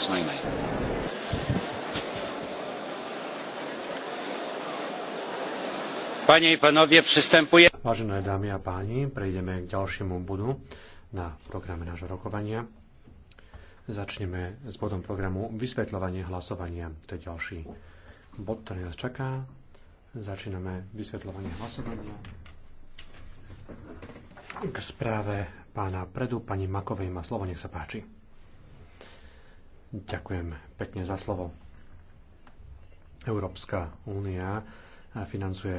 Ismailai. Panie i panowie, przystępujemy... Vážené dámy a páni, prejdeme k ďalšiemu bodu na programe nášho rokovania. Začneme s bodom programu Vysvetľovanie hlasovania. To je ďalší bod, ktorý nás čaká. Začíname vysvetľovanie hlasovania k správe pána Predu. Pani Makovej má slovo, nech sa páči. Ďakujem pekne za slovo. Európska únia financuje